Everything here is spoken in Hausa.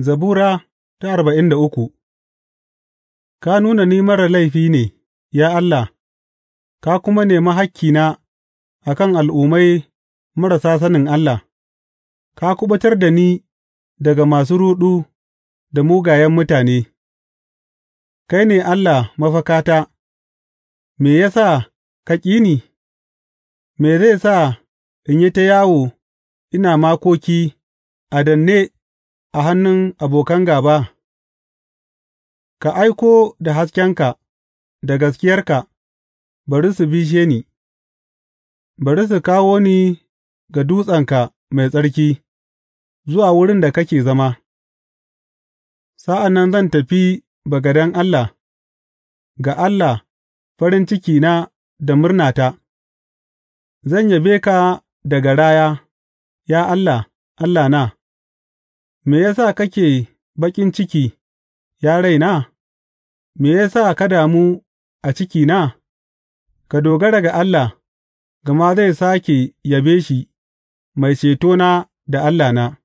Zabura ta arba'in da uku Ka nuna ni marar laifi ne, ya Allah, ka kuma nemi hakkina a kan al'ummai marasa sanin Allah; ka kuɓatar da ni daga masu ruɗu da mugayen mutane, kai ne Allah mafakata, me ya sa ka ƙi ni, me zai sa in yi ta yawo ina makoki a danne. a hannun abokan gāba, ka aiko da haskenka da gaskiyarka bari su bishe ni; bari su kawo ni ga dutsenka mai tsarki, zuwa wurin da kake zama, sa'an nan zan tafi bagaden Allah, ga Allah farin cikina da murnata; zan yabe ka da garaya, ya Allah, Allah na. Me ya sa kake baƙin ciki, ya raina? Me ya sa ka damu a cikina? Ka dogara ga Allah, gama zai sake yabe shi, Mai Cetona da Allahna.